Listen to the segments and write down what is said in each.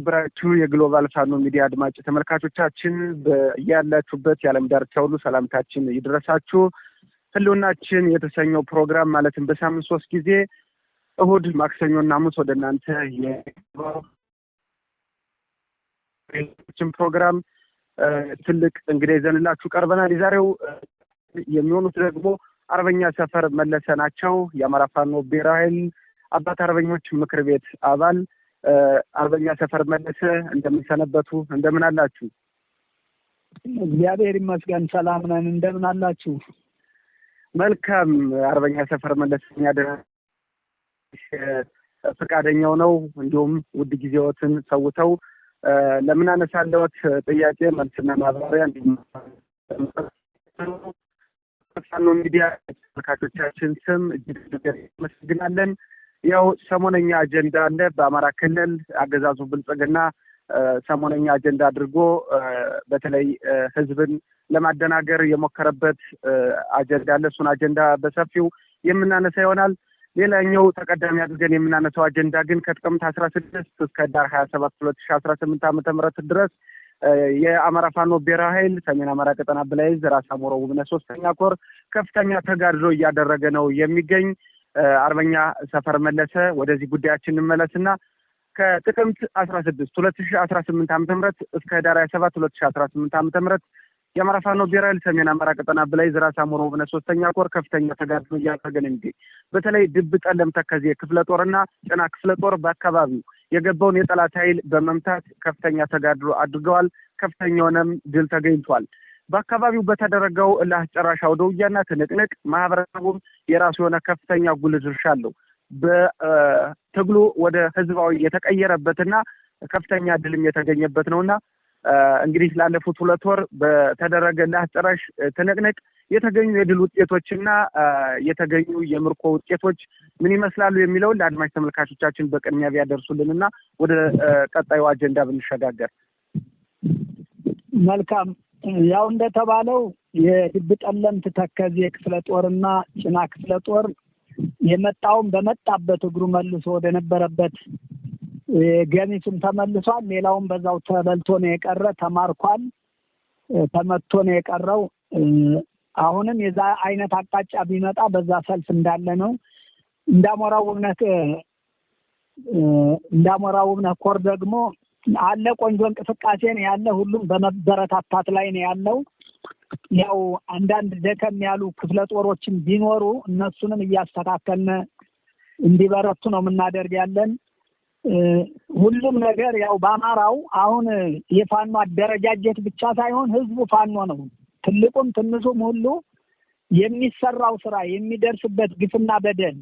የተከበራችሁ የግሎባል ፋኖ ሚዲያ አድማጭ ተመልካቾቻችን በያላችሁበት የዓለም ዳርቻ ሁሉ ሰላምታችን ይድረሳችሁ። ህልውናችን የተሰኘው ፕሮግራም ማለትም በሳምንት ሶስት ጊዜ እሁድ፣ ማክሰኞና ሐሙስ ወደ እናንተ የችን ፕሮግራም ትልቅ እንግዲህ ይዘንላችሁ ቀርበናል። የዛሬው የሚሆኑት ደግሞ አርበኛ ሰፈር መለሰ ናቸው። የአማራ ፋኖ ብሔራዊ ኃይል አባት አርበኞች ምክር ቤት አባል አርበኛ ሰፈር መለሰ እንደምንሰነበቱ እንደምን አላችሁ? እግዚአብሔር ይመስገን ሰላም ነን። እንደምን አላችሁ? መልካም አርበኛ ሰፈር መለስ የሚያደረ ፈቃደኛው ነው። እንዲሁም ውድ ጊዜዎትን ሰውተው ለምን አነሳለዎት ጥያቄ መልስና ማብራሪያ እንዲሁም ሚዲያ ተመልካቾቻችን ስም እጅግ አመሰግናለን። ያው ሰሞነኛ አጀንዳ አለ በአማራ ክልል አገዛዙ ብልጽግና ሰሞነኛ አጀንዳ አድርጎ በተለይ ህዝብን ለማደናገር የሞከረበት አጀንዳ አለ። እሱን አጀንዳ በሰፊው የምናነሳ ይሆናል። ሌላኛው ተቀዳሚ አድርገን የምናነሳው አጀንዳ ግን ከጥቅምት አስራ ስድስት እስከ ዳር ሀያ ሰባት ሁለት ሺ አስራ ስምንት ዓመተ ምህረት ድረስ የአማራ ፋኖ ብሔራዊ ኃይል ሰሜን አማራ ቀጠና ብላይዝ ራስ አሞረ ውብነ ሶስተኛ ኮር ከፍተኛ ተጋድሎ እያደረገ ነው የሚገኝ አርበኛ ሰፈር መለሰ ወደዚህ ጉዳያችን እንመለስና ከጥቅምት አስራ ስድስት ሁለት ሺ አስራ ስምንት ዓመተ ምህረት እስከ ህዳር ሃያ ሰባት ሁለት ሺ አስራ ስምንት ዓመተ ምህረት የአማራ ፋኖ ብሔራዊ ሰሜን አማራ ቀጠና ብላይ ዝራ ሳሞሮ ብነ ሶስተኛ ኮር ከፍተኛ ተጋድሎ እያደረገ ነው የሚገኝ። በተለይ ድብ ጠለም ተከዜ ክፍለ ጦርና ጭና ክፍለ ጦር በአካባቢው የገባውን የጠላት ኃይል በመምታት ከፍተኛ ተጋድሎ አድርገዋል። ከፍተኛውንም ድል ተገኝቷል። በአካባቢው በተደረገው እልህ አስጨራሽ አውደውያና ትንቅንቅ ማህበረሰቡም የራሱ የሆነ ከፍተኛ ጉልህ ድርሻ አለው። በትግሉ ወደ ህዝባዊ የተቀየረበትና ከፍተኛ ድልም የተገኘበት ነውና እንግዲህ ላለፉት ሁለት ወር በተደረገ እልህ ትንቅንቅ የተገኙ የድል ውጤቶችና የተገኙ የምርኮ ውጤቶች ምን ይመስላሉ የሚለውን ለአድማጭ ተመልካቾቻችን በቅድሚያ ቢያደርሱልን እና ወደ ቀጣዩ አጀንዳ ብንሸጋገር መልካም። ያው እንደተባለው የድብጠለምት ተከዜ ክፍለ ጦርና ጭና ክፍለ ጦር የመጣውን በመጣበት እግሩ መልሶ ወደነበረበት ገሚሱም ተመልሷል። ሌላውም በዛው ተበልቶ ነው የቀረ፣ ተማርኳል፣ ተመቶ ነው የቀረው። አሁንም የዛ አይነት አቅጣጫ ቢመጣ በዛ ሰልፍ እንዳለ ነው። እንዳሞራ ውብነት እንዳሞራ ውብነት ኮር ደግሞ አለ። ቆንጆ እንቅስቃሴ ነው ያለ። ሁሉም በመበረታታት ላይ ነው ያለው። ያው አንዳንድ ደከም ያሉ ክፍለ ጦሮችን ቢኖሩ እነሱንም እያስተካከልን እንዲበረቱ ነው የምናደርግ ያለን። ሁሉም ነገር ያው በአማራው አሁን የፋኖ አደረጃጀት ብቻ ሳይሆን ህዝቡ ፋኖ ነው። ትልቁም ትንሹም ሁሉ የሚሰራው ስራ የሚደርስበት ግፍና በደል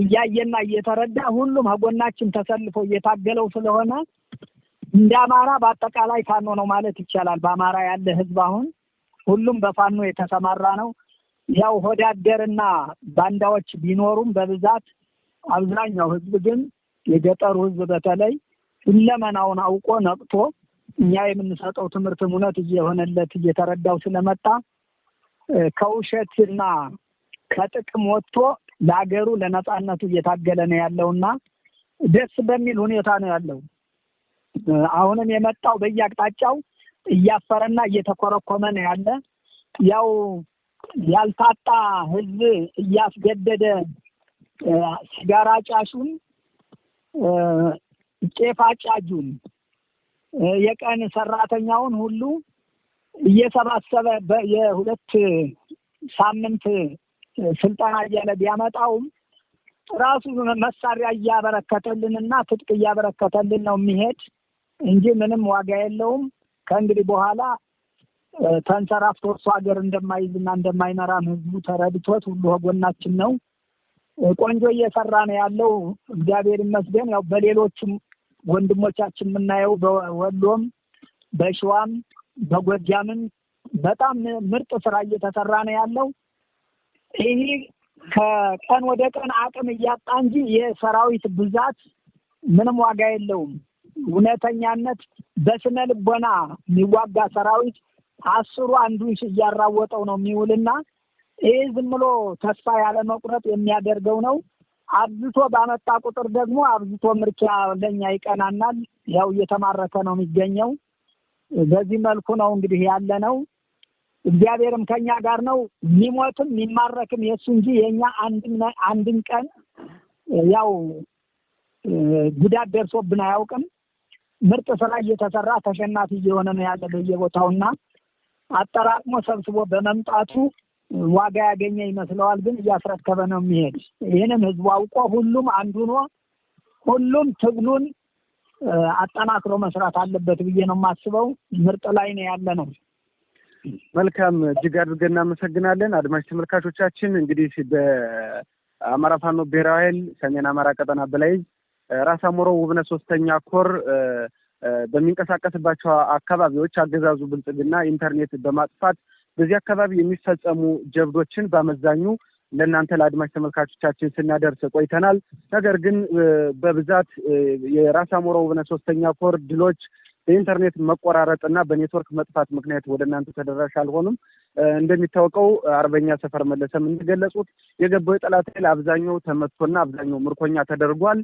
እያየና እየተረዳ ሁሉም ከጎናችን ተሰልፎ እየታገለው ስለሆነ እንደ አማራ በአጠቃላይ ፋኖ ነው ማለት ይቻላል። በአማራ ያለ ህዝብ አሁን ሁሉም በፋኖ የተሰማራ ነው። ያው ሆዳደርና ባንዳዎች ቢኖሩም በብዛት አብዛኛው ህዝብ ግን የገጠሩ ህዝብ በተለይ ሁለመናውን አውቆ ነቅቶ እኛ የምንሰጠው ትምህርት እውነት እየሆነለት እየተረዳው ስለመጣ ከውሸትና ከጥቅም ወጥቶ ለሀገሩ ለነፃነቱ እየታገለ ነው ያለውና ደስ በሚል ሁኔታ ነው ያለው። አሁንም የመጣው በየአቅጣጫው እያፈረና እየተኮረኮመ ነው ያለ። ያው ያልታጣ ህዝብ እያስገደደ ሲጋራ ጫሹን፣ ቄፍ አጫጁን፣ የቀን ሰራተኛውን ሁሉ እየሰባሰበ የሁለት ሳምንት ስልጠና እያለ ቢያመጣውም ራሱ መሳሪያ እያበረከተልንና ትጥቅ እያበረከተልን ነው የሚሄድ እንጂ ምንም ዋጋ የለውም። ከእንግዲህ በኋላ ተንሰራፍቶ እሱ ሀገር እንደማይዝና እንደማይመራን ህዝቡ ተረድቶት ሁሉ ጎናችን ነው። ቆንጆ እየሰራ ነው ያለው እግዚአብሔር ይመስገን። ያው በሌሎችም ወንድሞቻችን የምናየው በወሎም፣ በሸዋም፣ በጎጃምም በጣም ምርጥ ስራ እየተሰራ ነው ያለው። ይህ ከቀን ወደ ቀን አቅም እያጣ እንጂ የሰራዊት ብዛት ምንም ዋጋ የለውም። እውነተኛነት በስነ ልቦና የሚዋጋ ሰራዊት አስሩ አንዱን እያራወጠው ነው የሚውልና ይህ ዝም ብሎ ተስፋ ያለመቁረጥ የሚያደርገው ነው። አብዝቶ ባመጣ ቁጥር ደግሞ አብዝቶ ምርኪያ ለኛ ይቀናናል። ያው እየተማረከ ነው የሚገኘው። በዚህ መልኩ ነው እንግዲህ ያለ ነው። እግዚአብሔርም ከኛ ጋር ነው። ሚሞትም ሚማረክም የእሱ እንጂ የእኛ አንድም ቀን ያው ጉዳት ደርሶብን አያውቅም። ምርጥ ስራ እየተሰራ ተሸናፊ እየሆነ ነው ያለ በየቦታውና አጠራቅሞ ሰብስቦ በመምጣቱ ዋጋ ያገኘ ይመስለዋል፣ ግን እያስረከበ ነው የሚሄድ። ይህንም ህዝቡ አውቆ ሁሉም አንዱ ሆኖ ሁሉም ትግሉን አጠናክሮ መስራት አለበት ብዬ ነው የማስበው። ምርጥ ላይ ነው ያለ ነው። መልካም እጅግ አድርገን እናመሰግናለን። አድማጭ ተመልካቾቻችን እንግዲህ በአማራ ፋኖ ብሔራዊ ኃይል ሰሜን አማራ ቀጠና በላይ ራስ አሞሮ ውብነ ሶስተኛ ኮር በሚንቀሳቀስባቸው አካባቢዎች አገዛዙ ብልጽግና ኢንተርኔት በማጥፋት በዚህ አካባቢ የሚፈጸሙ ጀብዶችን በአመዛኙ ለእናንተ ለአድማጭ ተመልካቾቻችን ስናደርስ ቆይተናል። ነገር ግን በብዛት የራስ አሞሮ ውብነ ሶስተኛ ኮር ድሎች በኢንተርኔት መቆራረጥና በኔትወርክ መጥፋት ምክንያት ወደ እናንተ ተደራሽ አልሆኑም። እንደሚታወቀው አርበኛ ሰፈር መለሰም እንደገለጹት የገባው የጠላት ኃይል አብዛኛው ተመቶና አብዛኛው ምርኮኛ ተደርጓል።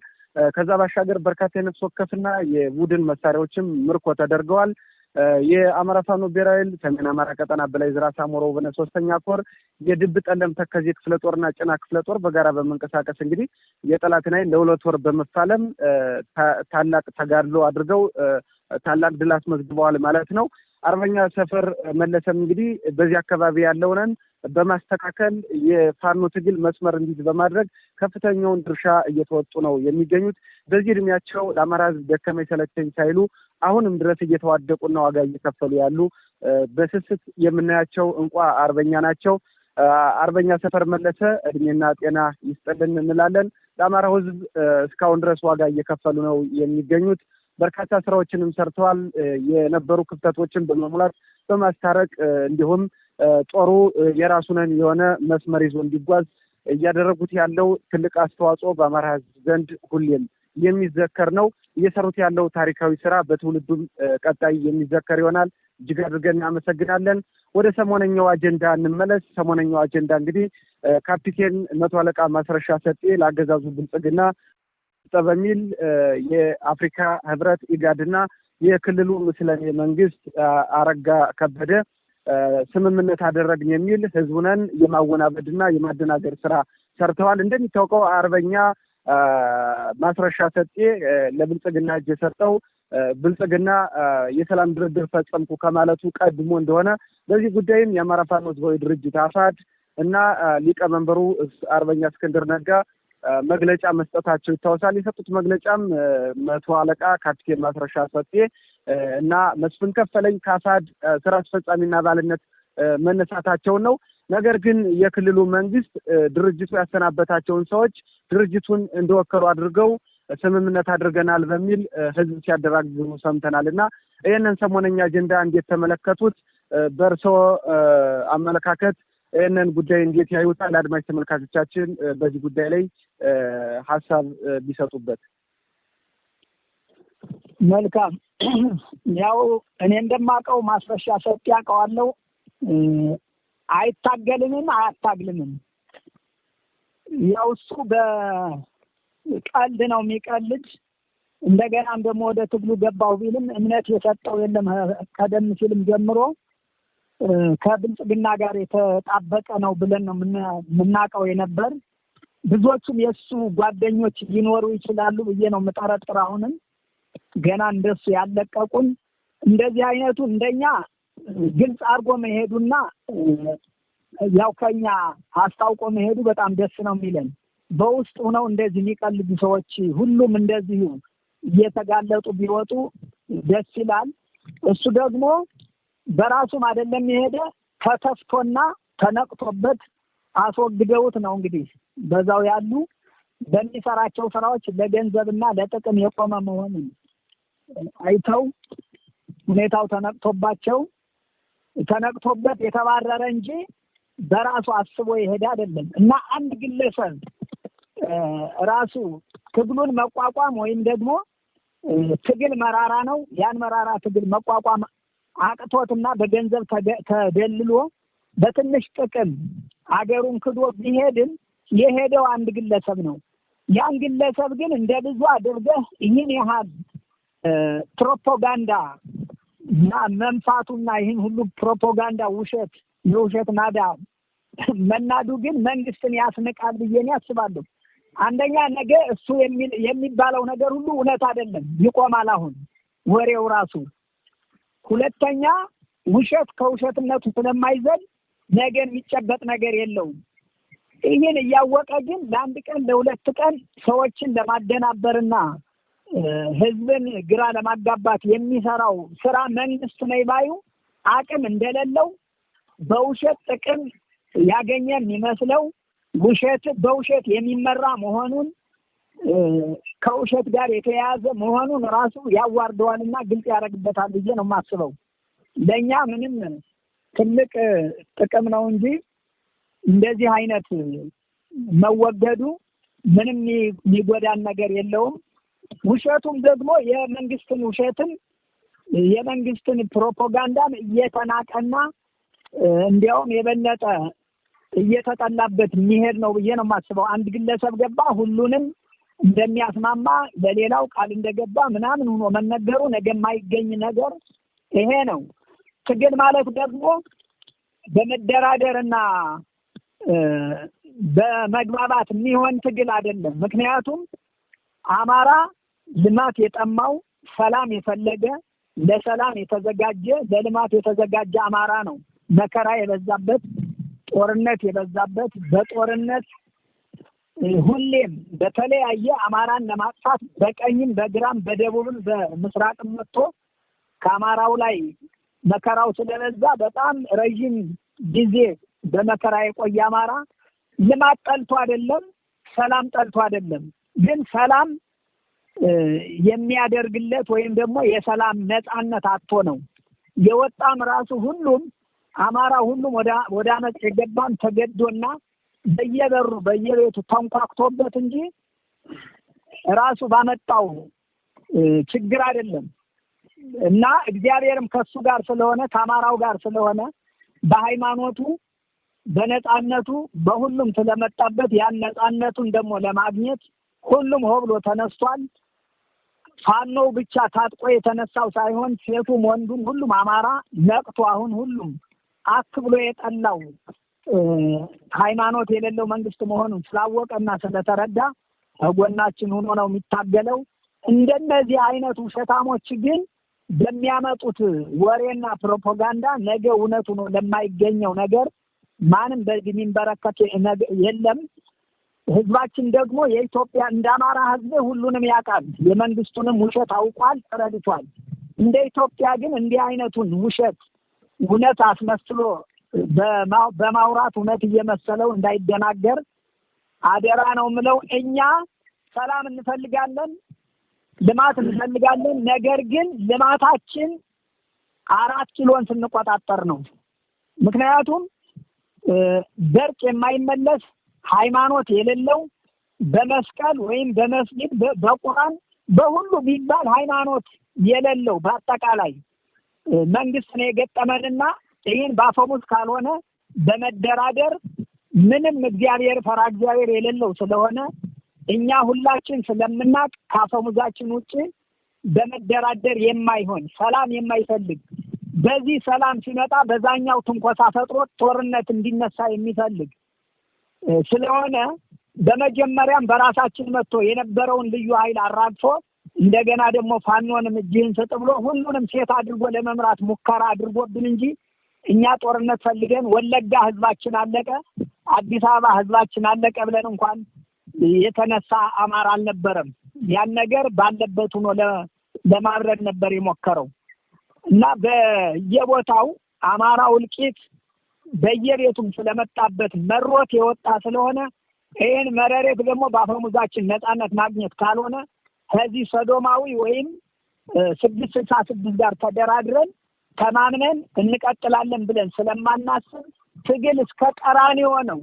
ከዛ ባሻገር በርካታ የነፍስ ወከፍና የቡድን መሳሪያዎችም ምርኮ ተደርገዋል። የአማራ ፋኖ ብሔራዊ ኃይል ሰሜን አማራ ቀጠና በላይ ዝራ ሳሞሮ በነ ሶስተኛ ኮር የድብ ጠለም ተከዜ ክፍለ ጦርና ጭና ክፍለ ጦር በጋራ በመንቀሳቀስ እንግዲህ የጠላትን ኃይል ለሁለት ወር በመፋለም ታላቅ ተጋድሎ አድርገው ታላቅ ድል አስመዝግበዋል ማለት ነው። አርበኛ ሰፈር መለሰም እንግዲህ በዚህ አካባቢ ያለውንን በማስተካከል የፋኖ ትግል መስመር እንዲዝ በማድረግ ከፍተኛውን ድርሻ እየተወጡ ነው የሚገኙት። በዚህ እድሜያቸው ለአማራ ሕዝብ ደከመኝ ሰለቸኝ ሳይሉ አሁንም ድረስ እየተዋደቁና ዋጋ እየከፈሉ ያሉ በስስት የምናያቸው እንቋ አርበኛ ናቸው። አርበኛ ሰፈር መለሰ እድሜና ጤና ይስጥልን እንላለን። ለአማራው ሕዝብ እስካሁን ድረስ ዋጋ እየከፈሉ ነው የሚገኙት። በርካታ ስራዎችንም ሰርተዋል። የነበሩ ክፍተቶችን በመሙላት በማስታረቅ እንዲሁም ጦሩ የራሱንን የሆነ መስመር ይዞ እንዲጓዝ እያደረጉት ያለው ትልቅ አስተዋጽኦ በአማራ ሕዝብ ዘንድ ሁሌም የሚዘከር ነው። እየሰሩት ያለው ታሪካዊ ስራ በትውልዱም ቀጣይ የሚዘከር ይሆናል። እጅግ አድርገን እናመሰግናለን። ወደ ሰሞነኛው አጀንዳ እንመለስ። ሰሞነኛው አጀንዳ እንግዲህ ካፒቴን መቶ አለቃ ማስረሻ ሰጤ ለአገዛዙ ብልጽግና በሚል የአፍሪካ ህብረት ኢጋድና የክልሉ ምስለኔ መንግስት አረጋ ከበደ ስምምነት አደረግን የሚል ህዝቡነን የማወናበድና የማደናገር ስራ ሰርተዋል። እንደሚታወቀው አርበኛ ማስረሻ ሰጤ ለብልጽግና እጅ የሰጠው ብልጽግና የሰላም ድርድር ፈጸምኩ ከማለቱ ቀድሞ እንደሆነ በዚህ ጉዳይም የአማራ ፋኖ ህዝባዊ ድርጅት አፋድ እና ሊቀመንበሩ አርበኛ እስክንድር ነጋ መግለጫ መስጠታቸው ይታወሳል። የሰጡት መግለጫም መቶ አለቃ ካፕቴን ማስረሻ ሰጤ እና መስፍን ከፈለኝ ከአሳድ ስራ አስፈጻሚና አባልነት መነሳታቸውን ነው። ነገር ግን የክልሉ መንግስት ድርጅቱ ያሰናበታቸውን ሰዎች ድርጅቱን እንደወከሉ አድርገው ስምምነት አድርገናል በሚል ህዝብ ሲያደራግሙ ሰምተናል እና ይህንን ሰሞነኛ አጀንዳ እንዴት ተመለከቱት? በእርሶ አመለካከት ይህንን ጉዳይ እንዴት ያዩታል? አድማጭ ተመልካቾቻችን በዚህ ጉዳይ ላይ ሀሳብ ቢሰጡበት መልካም። ያው እኔ እንደማውቀው ማስረሻ ሰጤ ያውቀዋለሁ። አይታገልምም አያታግልምም። ያው እሱ በቀልድ ነው የሚቀልድ። እንደገናም ደግሞ ወደ ትግሉ ገባሁ ቢልም እምነት የሰጠው የለም። ቀደም ሲልም ጀምሮ ከብልጽግና ጋር የተጣበቀ ነው ብለን ነው የምናውቀው የነበር። ብዙዎቹም የእሱ ጓደኞች ሊኖሩ ይችላሉ ብዬ ነው የምጠረጥር። አሁንም ገና እንደሱ ያለቀቁን እንደዚህ አይነቱ እንደኛ ግልጽ አድርጎ መሄዱና ያው ከኛ አስታውቆ መሄዱ በጣም ደስ ነው የሚለን። በውስጥ ሆነው እንደዚህ የሚቀልዱ ሰዎች ሁሉም እንደዚሁ እየተጋለጡ ቢወጡ ደስ ይላል። እሱ ደግሞ በራሱም አይደለም የሄደ ተተፍቶና ተነቅቶበት አስወግደውት ነው። እንግዲህ በዛው ያሉ በሚሰራቸው ስራዎች ለገንዘብና ለጥቅም የቆመ መሆኑን አይተው ሁኔታው ተነቅቶባቸው ተነቅቶበት የተባረረ እንጂ በራሱ አስቦ የሄደ አይደለም እና አንድ ግለሰብ ራሱ ትግሉን መቋቋም ወይም ደግሞ ትግል መራራ ነው፣ ያን መራራ ትግል መቋቋም አቅቶትና በገንዘብ ተደልሎ በትንሽ ጥቅም አገሩን ክዶ ቢሄድም የሄደው አንድ ግለሰብ ነው። ያን ግለሰብ ግን እንደ ብዙ አድርገህ ይህን ያህል ፕሮፓጋንዳ መንፋቱና ይህን ሁሉ ፕሮፓጋንዳ ውሸት የውሸት ናዳ መናዱ ግን መንግስትን ያስንቃል ብዬ እኔ አስባለሁ። አንደኛ ነገ እሱ የሚባለው ነገር ሁሉ እውነት አይደለም፣ ይቆማል። አሁን ወሬው ራሱ ሁለተኛ ውሸት ከውሸትነቱ ስለማይዘል ነገን የሚጨበጥ ነገር የለውም። ይህን እያወቀ ግን ለአንድ ቀን ለሁለት ቀን ሰዎችን ለማደናበርና ህዝብን ግራ ለማጋባት የሚሰራው ስራ መንግስት ነኝ ባዩ አቅም እንደሌለው በውሸት ጥቅም ያገኘ የሚመስለው ውሸት በውሸት የሚመራ መሆኑን ከውሸት ጋር የተያያዘ መሆኑን ራሱ ያዋርደዋልና ግልጽ ያደርግበታል ብዬ ነው የማስበው። ለእኛ ምንም ትልቅ ጥቅም ነው እንጂ እንደዚህ አይነት መወገዱ ምንም የሚጎዳን ነገር የለውም። ውሸቱም ደግሞ የመንግስትን ውሸትን የመንግስትን ፕሮፓጋንዳን እየተናቀና እንዲያውም የበለጠ እየተጠላበት የሚሄድ ነው ብዬ ነው የማስበው። አንድ ግለሰብ ገባ ሁሉንም እንደሚያስማማ ለሌላው ቃል እንደገባ ምናምን ሆኖ መነገሩ ነገ የማይገኝ ነገር ይሄ ነው። ትግል ማለት ደግሞ በመደራደርና በመግባባት የሚሆን ትግል አይደለም። ምክንያቱም አማራ ልማት የጠማው ሰላም የፈለገ ለሰላም የተዘጋጀ ለልማት የተዘጋጀ አማራ ነው። መከራ የበዛበት ጦርነት የበዛበት በጦርነት ሁሌም በተለያየ አማራን ለማጥፋት በቀኝም በግራም በደቡብም በምስራቅም መጥቶ ከአማራው ላይ መከራው ስለበዛ በጣም ረዥም ጊዜ በመከራ የቆየ አማራ ልማት ጠልቶ አይደለም፣ ሰላም ጠልቶ አይደለም። ግን ሰላም የሚያደርግለት ወይም ደግሞ የሰላም ነፃነት አጥቶ ነው የወጣም ራሱ ሁሉም አማራ ሁሉም ወደ አመፅ የገባም ተገዶና በየበሩ በየቤቱ ተንኳክቶበት እንጂ ራሱ ባመጣው ችግር አይደለም እና እግዚአብሔርም ከሱ ጋር ስለሆነ ከአማራው ጋር ስለሆነ በሃይማኖቱ በነፃነቱ በሁሉም ስለመጣበት ያን ነፃነቱን ደግሞ ለማግኘት ሁሉም ሆ ብሎ ተነስቷል። ፋኖው ብቻ ታጥቆ የተነሳው ሳይሆን ሴቱም፣ ወንዱም ሁሉም አማራ ነቅቶ አሁን ሁሉም አክ ብሎ የጠላው ሃይማኖት የሌለው መንግስት መሆኑን ስላወቀና ስለተረዳ ከጎናችን ሆኖ ነው የሚታገለው። እንደነዚህ አይነት ውሸታሞች ግን በሚያመጡት ወሬና ፕሮፓጋንዳ ነገ እውነቱ ነው ለማይገኘው ነገር ማንም በዚህ የሚንበረከት የለም። ህዝባችን ደግሞ የኢትዮጵያ እንደ አማራ ህዝብ ሁሉንም ያውቃል። የመንግስቱንም ውሸት አውቋል፣ ተረድቷል። እንደ ኢትዮጵያ ግን እንዲህ አይነቱን ውሸት እውነት አስመስሎ በማውራት እውነት እየመሰለው እንዳይደናገር አደራ ነው የምለው። እኛ ሰላም እንፈልጋለን፣ ልማት እንፈልጋለን። ነገር ግን ልማታችን አራት ኪሎን ስንቆጣጠር ነው። ምክንያቱም ደርቅ የማይመለስ ሃይማኖት የሌለው በመስቀል ወይም በመስጊድ በቁርአን በሁሉ ቢባል ሃይማኖት የሌለው በአጠቃላይ መንግስት ነው የገጠመንና ይህን በአፈሙዝ ካልሆነ በመደራደር ምንም እግዚአብሔር ፈራ እግዚአብሔር የሌለው ስለሆነ እኛ ሁላችን ስለምናቅ ከአፈሙዛችን ውጭ በመደራደር የማይሆን ሰላም የማይፈልግ በዚህ ሰላም ሲመጣ በዛኛው ትንኮሳ ፈጥሮ ጦርነት እንዲነሳ የሚፈልግ ስለሆነ በመጀመሪያም በራሳችን መጥቶ የነበረውን ልዩ ኃይል አራግፎ እንደገና ደግሞ ፋኖንም እጅህን ስጥ ብሎ ሁሉንም ሴት አድርጎ ለመምራት ሙከራ አድርጎብን እንጂ እኛ ጦርነት ፈልገን ወለጋ ህዝባችን አለቀ፣ አዲስ አበባ ህዝባችን አለቀ ብለን እንኳን የተነሳ አማራ አልነበረም። ያን ነገር ባለበት ሆኖ ለማብረድ ነበር የሞከረው እና በየቦታው አማራው እልቂት በየቤቱም ስለመጣበት መሮት የወጣ ስለሆነ ይህን መረሬት ደግሞ በአፈሙዛችን ነፃነት ማግኘት ካልሆነ ከዚህ ሰዶማዊ ወይም ስድስት ስልሳ ስድስት ጋር ተደራድረን ተማምነን እንቀጥላለን ብለን ስለማናስብ ትግል እስከ ቀራንዮ ነው።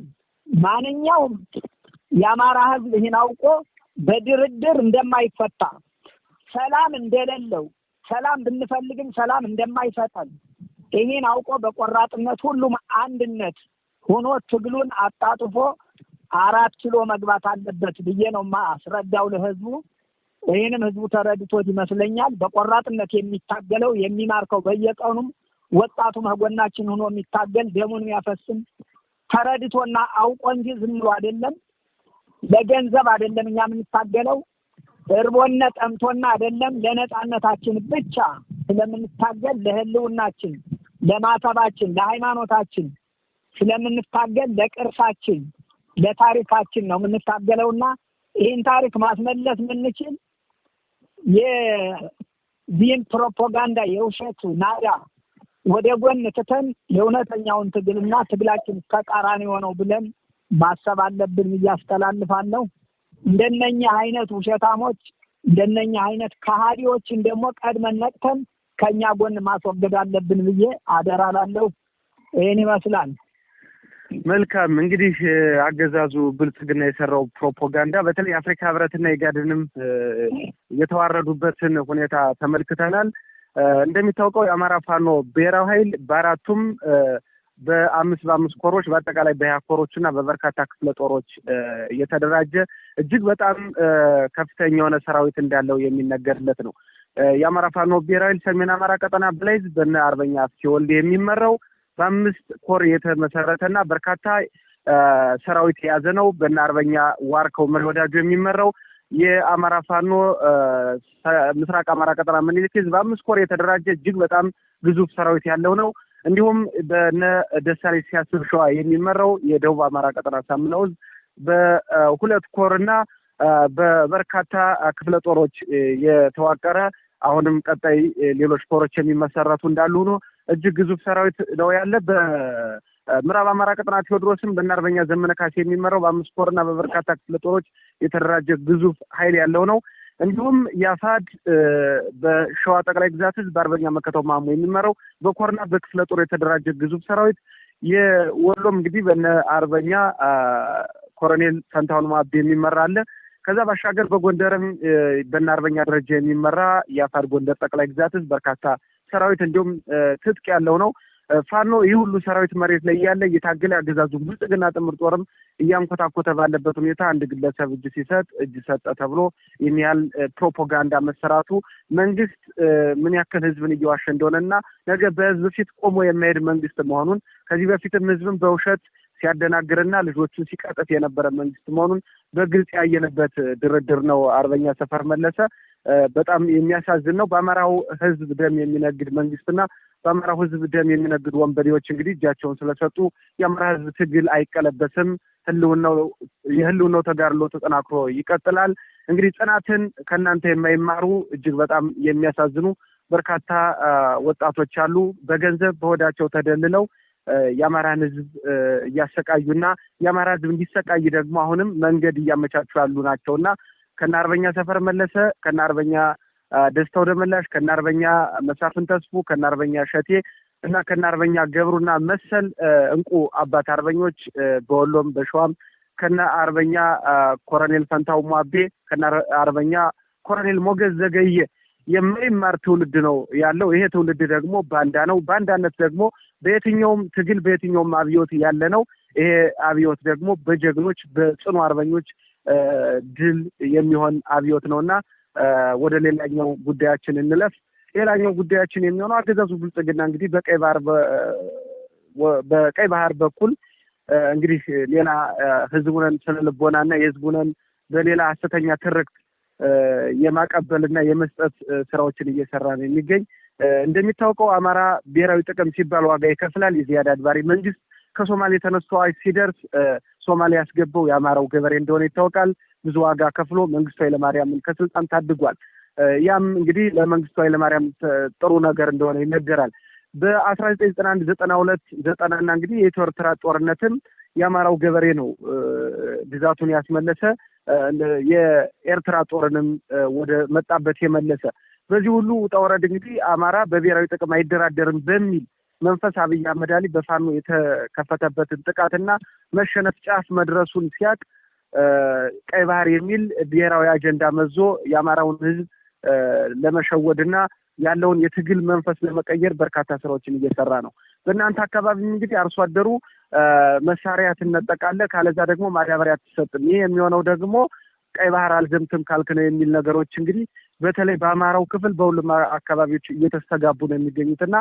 ማንኛውም የአማራ ህዝብ ይህን አውቆ በድርድር እንደማይፈታ ሰላም እንደሌለው ሰላም ብንፈልግም ሰላም እንደማይሰጠን ይህን አውቆ በቆራጥነት ሁሉም አንድነት ሆኖ ትግሉን አጣጥፎ አራት ኪሎ መግባት አለበት ብዬ ነው ማስረዳው ለህዝቡ። ይህንም ህዝቡ ተረድቶት ይመስለኛል በቆራጥነት የሚታገለው የሚማርከው፣ በየቀኑም ወጣቱ መጎናችን ሆኖ የሚታገል ደሙን የሚያፈስም ተረድቶና አውቆ እንጂ ዝም ብሎ አይደለም። ለገንዘብ አይደለም እኛ የምንታገለው እርቦነ ጠምቶና አይደለም። ለነፃነታችን ብቻ ስለምንታገል ለህልውናችን፣ ለማሰባችን፣ ለሃይማኖታችን ስለምንታገል ለቅርሳችን፣ ለታሪካችን ነው የምንታገለውና ይህን ታሪክ ማስመለስ የምንችል የዚህን ፕሮፓጋንዳ የውሸት ናዳ ወደ ጎን ትተን የእውነተኛውን ትግልና ትግላችን ተቃራኒ ሆነው ብለን ማሰብ አለብን ብዬ አስተላልፋለሁ። እንደነኛ አይነት ውሸታሞች እንደነኛ አይነት ከሃዲዎችን ደግሞ ቀድመን ነቅተን ከእኛ ጎን ማስወገድ አለብን ብዬ አደራላለሁ። ይህን ይመስላል። መልካም እንግዲህ አገዛዙ ብልጽግና የሰራው ፕሮፓጋንዳ በተለይ የአፍሪካ ህብረትና የጋድንም የተዋረዱበትን ሁኔታ ተመልክተናል። እንደሚታወቀው የአማራ ፋኖ ብሔራዊ ኃይል በአራቱም በአምስት በአምስት ኮሮች በአጠቃላይ በሀያ ኮሮች እና በበርካታ ክፍለ ጦሮች እየተደራጀ እጅግ በጣም ከፍተኛ የሆነ ሰራዊት እንዳለው የሚነገርለት ነው። የአማራ ፋኖ ብሔራዊ ሰሜን አማራ ቀጠና ብላይዝ በነ አርበኛ አፍሴ የሚመራው በአምስት ኮር የተመሰረተና በርካታ ሰራዊት የያዘ ነው። በእነ አርበኛ ዋርከው መሪ የሚመራው የአማራ ፋኖ ምስራቅ አማራ ቀጠና ምኒልክ ህዝብ በአምስት ኮር የተደራጀ እጅግ በጣም ግዙፍ ሰራዊት ያለው ነው። እንዲሁም በነ ደሳሌ ሲያስብ ሸዋ የሚመራው የደቡብ አማራ ቀጠና ሳምናው በሁለት ኮር ኮርና በበርካታ ክፍለ ጦሮች የተዋቀረ አሁንም ቀጣይ ሌሎች ኮሮች የሚመሰረቱ እንዳሉ ሆኖ እጅግ ግዙፍ ሰራዊት ነው ያለ። በምዕራብ አማራ ቀጠና ቴዎድሮስም አርበኛ ዘመነ ካሴ የሚመራው በአምስት ኮርና በበርካታ ክፍለ ጦሮች የተደራጀ ግዙፍ ኃይል ያለው ነው። እንዲሁም የአፋድ በሸዋ ጠቅላይ ግዛት ህዝብ በአርበኛ መከተው ማሞ የሚመራው በኮርና በክፍለ ጦር የተደራጀ ግዙፍ ሰራዊት የወሎም እንግዲህ በነ አርበኛ ኮሎኔል ፈንታሁን ማብ የሚመራ አለ። ከዛ ባሻገር በጎንደርም በእነ አርበኛ ደረጃ የሚመራ የአፋር ጎንደር ጠቅላይ ግዛት በርካታ ሰራዊት እንዲሁም ትጥቅ ያለው ነው። ፋኖ ይህ ሁሉ ሰራዊት መሬት ላይ እያለ እየታገለ አገዛዙ ብልጽግና ጥምር ጦርም እያንኮታኮተ ባለበት ሁኔታ አንድ ግለሰብ እጅ ሲሰጥ እጅ ሰጠ ተብሎ ይህን ያህል ፕሮፓጋንዳ መሰራቱ መንግስት ምን ያክል ህዝብን እየዋሸ እንደሆነ እና ነገ በህዝብ ፊት ቆሞ የማሄድ መንግስት መሆኑን ከዚህ በፊትም ህዝብን በውሸት ሲያደናግርና ልጆቹን ሲቀጥፍ የነበረ መንግስት መሆኑን በግልጽ ያየንበት ድርድር ነው። አርበኛ ሰፈር መለሰ በጣም የሚያሳዝን ነው። በአማራው ህዝብ ደም የሚነግድ መንግስትና በአማራው ህዝብ ደም የሚነግድ ወንበዴዎች እንግዲህ እጃቸውን ስለሰጡ የአማራ ህዝብ ትግል አይቀለበስም። ህልውናው የህልውናው ተጋድሎ ተጠናክሮ ይቀጥላል። እንግዲህ ጽናትን ከእናንተ የማይማሩ እጅግ በጣም የሚያሳዝኑ በርካታ ወጣቶች አሉ። በገንዘብ በሆዳቸው ተደልለው የአማራን ህዝብ እያሰቃዩና የአማራ ህዝብ እንዲሰቃይ ደግሞ አሁንም መንገድ እያመቻቹ ያሉ ናቸው እና ከነ አርበኛ ሰፈር መለሰ ከነ አርበኛ ደስታው ደመላሽ ከነ አርበኛ መሳፍን ተስፉ ከነ አርበኛ ሸቴ እና ከነ አርበኛ ገብሩና መሰል እንቁ አባት አርበኞች በወሎም በሸዋም ከነ አርበኛ ኮረኔል ፈንታው ሟቤ ከነ አርበኛ ኮረኔል ሞገዝ ዘገየ የማይማር ትውልድ ነው ያለው። ይሄ ትውልድ ደግሞ ባንዳ ነው። ባንዳነት ደግሞ በየትኛውም ትግል በየትኛውም አብዮት ያለ ነው። ይሄ አብዮት ደግሞ በጀግኖች በጽኑ አርበኞች ድል የሚሆን አብዮት ነው እና ወደ ሌላኛው ጉዳያችን እንለፍ። ሌላኛው ጉዳያችን የሚሆነው አገዛዙ ብልጽግና እንግዲህ በቀይ ባህር በቀይ ባህር በኩል እንግዲህ ሌላ ህዝቡንን ስነ እና በሌላ ሀሰተኛ ትርክት የማቀበልና የመስጠት ስራዎችን እየሰራ ነው የሚገኝ። እንደሚታወቀው አማራ ብሔራዊ ጥቅም ሲባል ዋጋ ይከፍላል። የዚያድ አድባሪ መንግስት ከሶማሌ ተነስቶ ሲደርስ ሶማሌ ያስገባው የአማራው ገበሬ እንደሆነ ይታወቃል። ብዙ ዋጋ ከፍሎ መንግስቱ ኃይለማርያምን ከስልጣን ታድጓል። ያም እንግዲህ ለመንግስቱ ኃይለማርያም ጥሩ ነገር እንደሆነ ይነገራል። በአስራ ዘጠኝ ዘጠና አንድ ዘጠና ሁለት ዘጠናና እንግዲህ የኢትዮ ኤርትራ ጦርነትም የአማራው ገበሬ ነው ግዛቱን ያስመለሰ የኤርትራ ጦርንም ወደ መጣበት የመለሰ። በዚህ ሁሉ ውጣ ውረድ እንግዲህ አማራ በብሔራዊ ጥቅም አይደራደርም በሚል መንፈስ አብይ አህመድ አሊ በፋኖ የተከፈተበትን ጥቃትና መሸነፍ ጫፍ መድረሱን ሲያቅ ቀይ ባህር የሚል ብሔራዊ አጀንዳ መዞ የአማራውን ህዝብ ለመሸወድና ያለውን የትግል መንፈስ ለመቀየር በርካታ ስራዎችን እየሰራ ነው። በእናንተ አካባቢ እንግዲህ አርሶ አደሩ መሳሪያ ትነጠቃለ፣ ካለዛ ደግሞ ማዳበሪያ አትሰጥም። ይህ የሚሆነው ደግሞ ቀይ ባህር አልዘምትም ካልክ ነው የሚል ነገሮች እንግዲህ በተለይ በአማራው ክፍል በሁሉም አካባቢዎች እየተስተጋቡ ነው የሚገኙት እና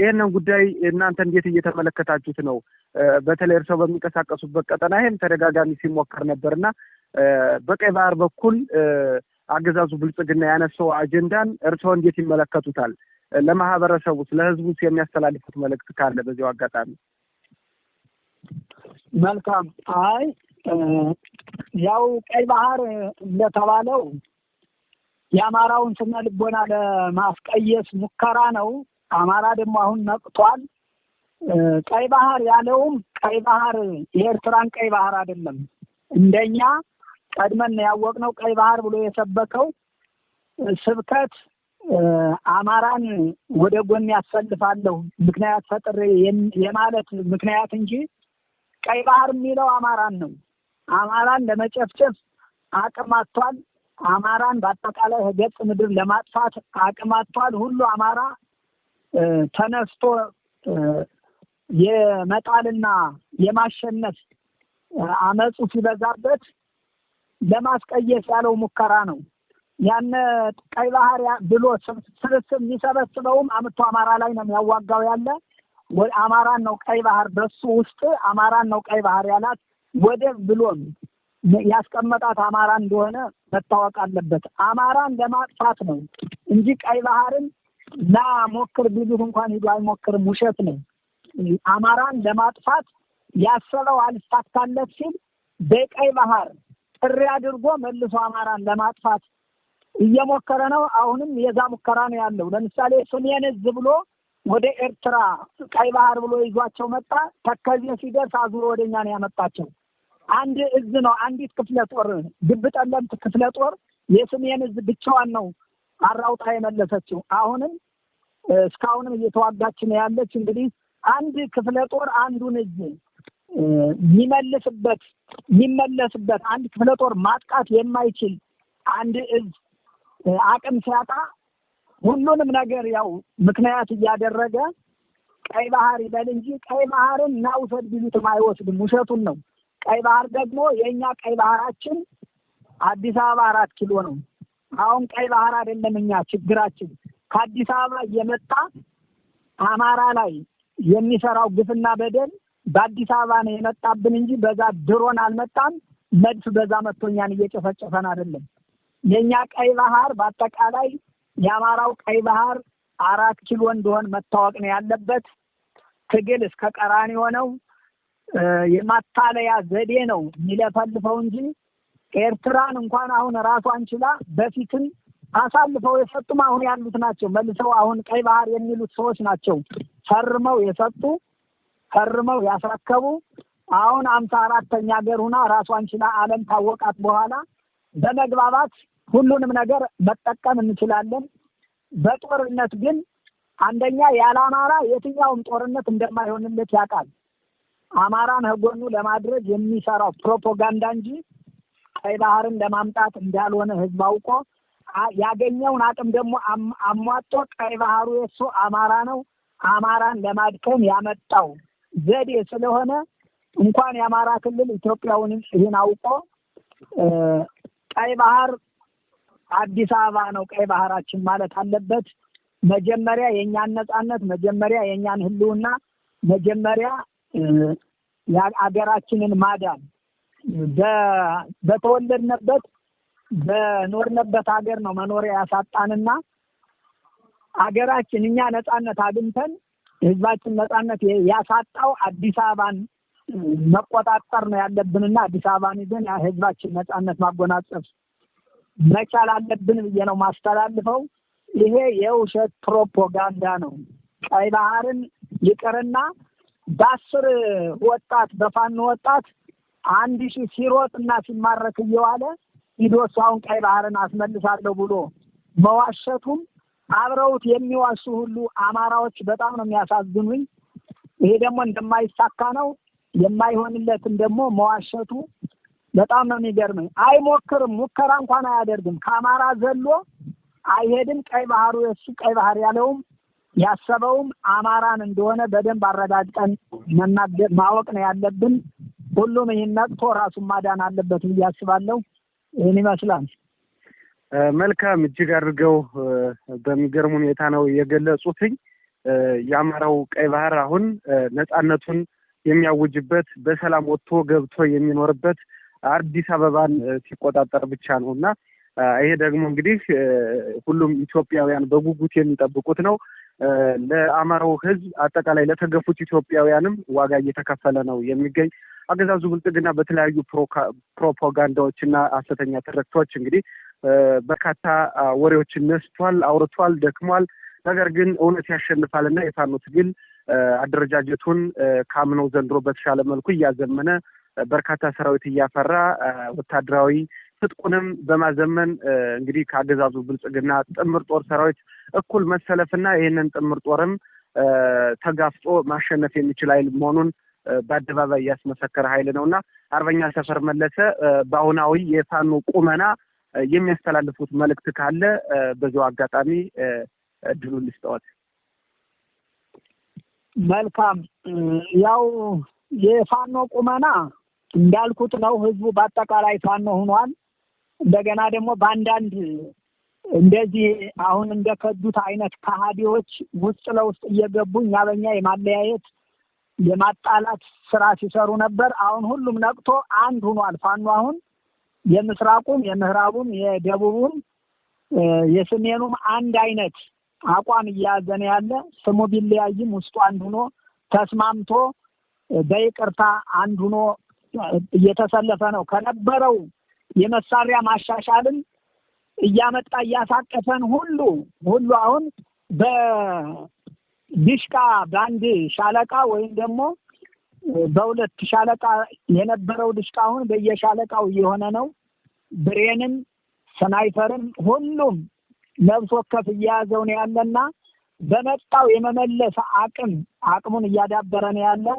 ይህንን ጉዳይ እናንተ እንዴት እየተመለከታችሁት ነው? በተለይ እርሰው በሚንቀሳቀሱበት ቀጠና ይህም ተደጋጋሚ ሲሞከር ነበር እና በቀይ ባህር በኩል አገዛዙ ብልጽግና ያነሳው አጀንዳን እርሰው እንዴት ይመለከቱታል? ለማህበረሰቡ ህዝቡ የሚያስተላልፉት መልእክት ካለ በዚያው አጋጣሚ። መልካም። አይ ያው ቀይ ባህር እንደተባለው የአማራውን ስነ ልቦና ለማስቀየስ ሙከራ ነው። አማራ ደግሞ አሁን ነቅቷል። ቀይ ባህር ያለውም ቀይ ባህር የኤርትራን ቀይ ባህር አይደለም። እንደኛ ቀድመን ያወቅነው ቀይ ባህር ብሎ የሰበከው ስብከት አማራን ወደ ጎን ያሰልፋለሁ ምክንያት ፈጥሬ የማለት ምክንያት እንጂ ቀይ ባህር የሚለው አማራን ነው። አማራን ለመጨፍጨፍ አቅም አጥቷል። አማራን በአጠቃላይ ገጽ ምድር ለማጥፋት አቅም አጥቷል። ሁሉ አማራ ተነስቶ የመጣልና የማሸነፍ አመፁ ሲበዛበት ለማስቀየስ ያለው ሙከራ ነው። ያነ ቀይ ባህር ብሎ ስብስብ የሚሰበስበውም አምቶ አማራ ላይ ነው የሚያዋጋው ያለ አማራን ነው ቀይ ባህር በሱ ውስጥ አማራን ነው ቀይ ባህር ያላት ወደብ ብሎም ያስቀመጣት አማራ እንደሆነ መታወቅ አለበት። አማራን ለማጥፋት ነው እንጂ ቀይ ባህርን ና ሞክር ቢሉት እንኳን ሂዱ አይሞክርም፣ ውሸት ነው። አማራን ለማጥፋት ያሰበው አልሳካለት ሲል በቀይ ባህር ጥሪ አድርጎ መልሶ አማራን ለማጥፋት እየሞከረ ነው። አሁንም የዛ ሙከራ ነው ያለው። ለምሳሌ ስሜን እዝ ብሎ ወደ ኤርትራ ቀይ ባህር ብሎ ይዟቸው መጣ። ተከዜ ሲደርስ አዙሮ ወደ እኛ ነው ያመጣቸው። አንድ እዝ ነው፣ አንዲት ክፍለ ጦር ድብጠለምት ክፍለ ጦር የሰሜን እዝ ብቻዋን ነው አራውጣ የመለሰችው። አሁንም እስካሁንም እየተዋጋች ነው ያለች። እንግዲህ አንድ ክፍለ ጦር አንዱን እዝ ሚመልስበት ሚመለስበት አንድ ክፍለ ጦር ማጥቃት የማይችል አንድ እዝ አቅም ሲያጣ ሁሉንም ነገር ያው ምክንያት እያደረገ ቀይ ባህር ይበል እንጂ ቀይ ባህርን እናውሰድ ቢሉትም አይወስድም። ውሸቱን ነው። ቀይ ባህር ደግሞ የእኛ ቀይ ባህራችን አዲስ አበባ አራት ኪሎ ነው። አሁን ቀይ ባህር አይደለም እኛ ችግራችን ከአዲስ አበባ እየመጣ አማራ ላይ የሚሰራው ግፍና በደል በአዲስ አበባ ነው የመጣብን እንጂ በዛ ድሮን አልመጣም። መድፍ በዛ መጥቶ እኛን እየጨፈጨፈን አይደለም። የእኛ ቀይ ባህር በአጠቃላይ የአማራው ቀይ ባህር አራት ኪሎ እንደሆን መታወቅ ነው ያለበት። ትግል እስከ ቀራን የሆነው የማታለያ ዘዴ ነው የሚለፈልፈው እንጂ ኤርትራን እንኳን አሁን ራሷን ችላ በፊትም አሳልፈው የሰጡም አሁን ያሉት ናቸው። መልሰው አሁን ቀይ ባህር የሚሉት ሰዎች ናቸው። ፈርመው የሰጡ ፈርመው ያስረከቡ አሁን አምሳ አራተኛ ሀገር ሁና ራሷን ችላ ዓለም ታወቃት በኋላ በመግባባት ሁሉንም ነገር መጠቀም እንችላለን። በጦርነት ግን አንደኛ ያለ አማራ የትኛውም ጦርነት እንደማይሆንለት ያውቃል። አማራን ህጎኑ ለማድረግ የሚሰራው ፕሮፓጋንዳ እንጂ ቀይ ባህርን ለማምጣት እንዳልሆነ ህዝብ አውቆ ያገኘውን አቅም ደግሞ አሟጦ ቀይ ባህሩ የሱ አማራ ነው፣ አማራን ለማድከም ያመጣው ዘዴ ስለሆነ እንኳን የአማራ ክልል ኢትዮጵያውን ይህን አውቆ ቀይ ባህር አዲስ አበባ ነው፣ ቀይ ባህራችን ማለት አለበት። መጀመሪያ የእኛን ነጻነት፣ መጀመሪያ የእኛን ህልውና፣ መጀመሪያ የአገራችንን ማዳን በተወለድነበት በኖርነበት ሀገር ነው መኖሪያ ያሳጣንና አገራችን እኛ ነጻነት አግኝተን ህዝባችን ነጻነት ያሳጣው አዲስ አበባን መቆጣጠር ነው ያለብንና አዲስ አበባን ይዘን ህዝባችን ነጻነት ማጎናጸፍ መቻል አለብን ብዬ ነው ማስተላልፈው። ይሄ የውሸት ፕሮፓጋንዳ ነው። ቀይ ባህርን ይቅርና በአስር ወጣት በፋኖ ወጣት አንድ ሺ ሲሮጥና ሲማረክ እየዋለ ኢዶሱ አሁን ቀይ ባህርን አስመልሳለሁ ብሎ መዋሸቱም አብረውት የሚዋሱ ሁሉ አማራዎች በጣም ነው የሚያሳዝኑኝ። ይሄ ደግሞ እንደማይሳካ ነው። የማይሆንለትም ደግሞ መዋሸቱ በጣም ነው የሚገርመኝ። አይሞክርም፣ ሙከራ እንኳን አያደርግም። ከአማራ ዘሎ አይሄድም። ቀይ ባህሩ የሱ ቀይ ባህር ያለውም ያሰበውም አማራን እንደሆነ በደንብ አረጋግጠን መናገር ማወቅ ነው ያለብን። ሁሉም ይህን ነቅቶ ራሱን ማዳን አለበት ብዬ አስባለሁ። ይህን ይመስላል። መልካም እጅግ አድርገው በሚገርም ሁኔታ ነው የገለጹትኝ። የአማራው ቀይ ባህር አሁን ነጻነቱን የሚያውጅበት በሰላም ወጥቶ ገብቶ የሚኖርበት አዲስ አበባን ሲቆጣጠር ብቻ ነው እና ይሄ ደግሞ እንግዲህ ሁሉም ኢትዮጵያውያን በጉጉት የሚጠብቁት ነው። ለአማራው ሕዝብ አጠቃላይ ለተገፉት ኢትዮጵያውያንም ዋጋ እየተከፈለ ነው የሚገኝ። አገዛዙ ብልጽግና በተለያዩ ፕሮፓጋንዳዎች እና ሐሰተኛ ትርክቶች እንግዲህ በርካታ ወሬዎችን ነስቷል፣ አውርቷል፣ ደክሟል። ነገር ግን እውነት ያሸንፋል የፋኖ ትግል አደረጃጀቱን ካምነው ዘንድሮ በተሻለ መልኩ እያዘመነ በርካታ ሰራዊት እያፈራ ወታደራዊ ትጥቁንም በማዘመን እንግዲህ ከአገዛዙ ብልጽግና ጥምር ጦር ሰራዊት እኩል መሰለፍና ይህንን ጥምር ጦርም ተጋፍጦ ማሸነፍ የሚችል ኃይል መሆኑን በአደባባይ እያስመሰከረ ኃይል ነው እና አርበኛ ሰፈር መለሰ በአሁናዊ የፋኖ ቁመና የሚያስተላልፉት መልእክት ካለ በዚያው አጋጣሚ እድሉን ልስጠዎት። መልካም ያው የፋኖ ቁመና እንዳልኩት ነው። ህዝቡ በአጠቃላይ ፋኖ ሆኗል። እንደገና ደግሞ በአንዳንድ እንደዚህ አሁን እንደከዱት አይነት ከሃዲዎች ውስጥ ለውስጥ እየገቡ እኛ በኛ የማለያየት የማጣላት ስራ ሲሰሩ ነበር። አሁን ሁሉም ነቅቶ አንድ ሆኗል። ፋኖ አሁን የምስራቁም፣ የምዕራቡም፣ የደቡቡም፣ የሰሜኑም አንድ አይነት አቋም እየያዘ ነው ያለ። ስሙ ቢለያይም ውስጡ አንድ ሆኖ ተስማምቶ በይቅርታ አንድ ሆኖ እየተሰለፈ ነው። ከነበረው የመሳሪያ ማሻሻልን እያመጣ እያሳቀፈን ሁሉ ሁሉ አሁን በዲሽቃ በአንድ ሻለቃ ወይም ደግሞ በሁለት ሻለቃ የነበረው ድሽቃ አሁን በየሻለቃው እየሆነ ነው። ብሬንም ስናይፈርም ሁሉም ነብስ ወከፍ እየያዘው ነው ያለና በመጣው የመመለስ አቅም አቅሙን እያዳበረ ነው ያለው።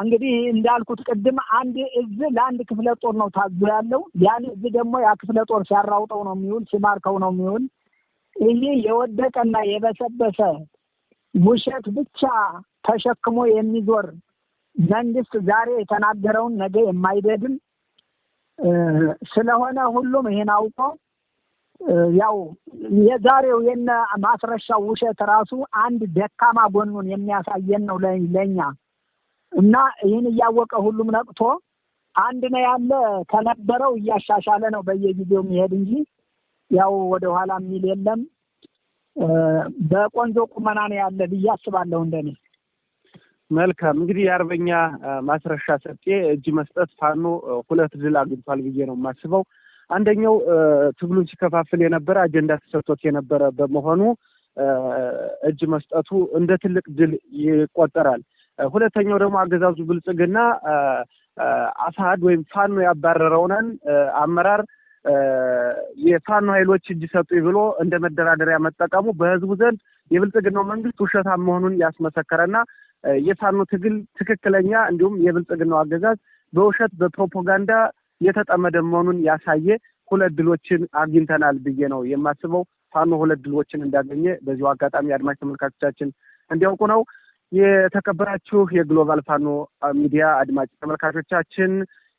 እንግዲህ እንዳልኩት ቅድም አንድ እዝ ለአንድ ክፍለ ጦር ነው ታዞ ያለው። ያን እዝ ደግሞ ያ ክፍለ ጦር ሲያራውጠው ነው የሚውል፣ ሲማርከው ነው የሚውል። ይህ የወደቀና የበሰበሰ ውሸት ብቻ ተሸክሞ የሚዞር መንግስት ዛሬ የተናገረውን ነገ የማይደግም ስለሆነ ሁሉም ይህን አውቀው ያው የዛሬው የነ ማስረሻው ውሸት ራሱ አንድ ደካማ ጎኑን የሚያሳየን ነው ለእኛ እና ይህን እያወቀ ሁሉም ነቅቶ አንድ ነው ያለ ከነበረው እያሻሻለ ነው በየጊዜው የሚሄድ እንጂ ያው ወደኋላ የሚል የለም። በቆንጆ ቁመና ነው ያለ ብዬ አስባለሁ እንደኔ። መልካም እንግዲህ የአርበኛ ማስረሻ ሰጤ እጅ መስጠት ፋኖ ሁለት ድል አግኝቷል ብዬ ነው የማስበው። አንደኛው ትግሉን ሲከፋፍል የነበረ አጀንዳ ተሰጥቶት የነበረ በመሆኑ እጅ መስጠቱ እንደ ትልቅ ድል ይቆጠራል። ሁለተኛው ደግሞ አገዛዙ ብልጽግና አሳድ ወይም ፋኖ ያባረረውንን አመራር የፋኖ ኃይሎች እጅ ሰጡኝ ብሎ እንደ መደራደሪያ መጠቀሙ በህዝቡ ዘንድ የብልጽግናው መንግስት ውሸታም መሆኑን ያስመሰከረና የፋኖ ትግል ትክክለኛ እንዲሁም የብልጽግናው አገዛዝ በውሸት በፕሮፓጋንዳ የተጠመደ መሆኑን ያሳየ ሁለት ድሎችን አግኝተናል ብዬ ነው የማስበው። ፋኖ ሁለት ድሎችን እንዳገኘ በዚሁ አጋጣሚ አድማጭ ተመልካቾቻችን እንዲያውቁ ነው። የተከበራችሁ የግሎባል ፋኖ ሚዲያ አድማጭ ተመልካቾቻችን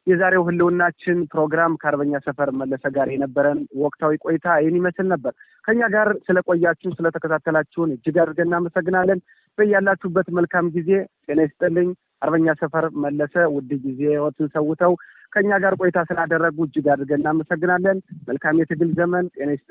የዛሬው ህልውናችን ፕሮግራም ከአርበኛ ሰፈር መለሰ ጋር የነበረን ወቅታዊ ቆይታ ይህን ይመስል ነበር። ከኛ ጋር ስለቆያችሁ ስለተከታተላችሁን እጅግ አድርገን እናመሰግናለን። በያላችሁበት መልካም ጊዜ ጤና ይስጥልኝ። አርበኛ ሰፈር መለሰ ውድ ጊዜ ህይወትን ሰውተው ከእኛ ጋር ቆይታ ስላደረጉ እጅግ አድርገን እናመሰግናለን። መልካም የትግል ዘመን ጤና ይስጥ።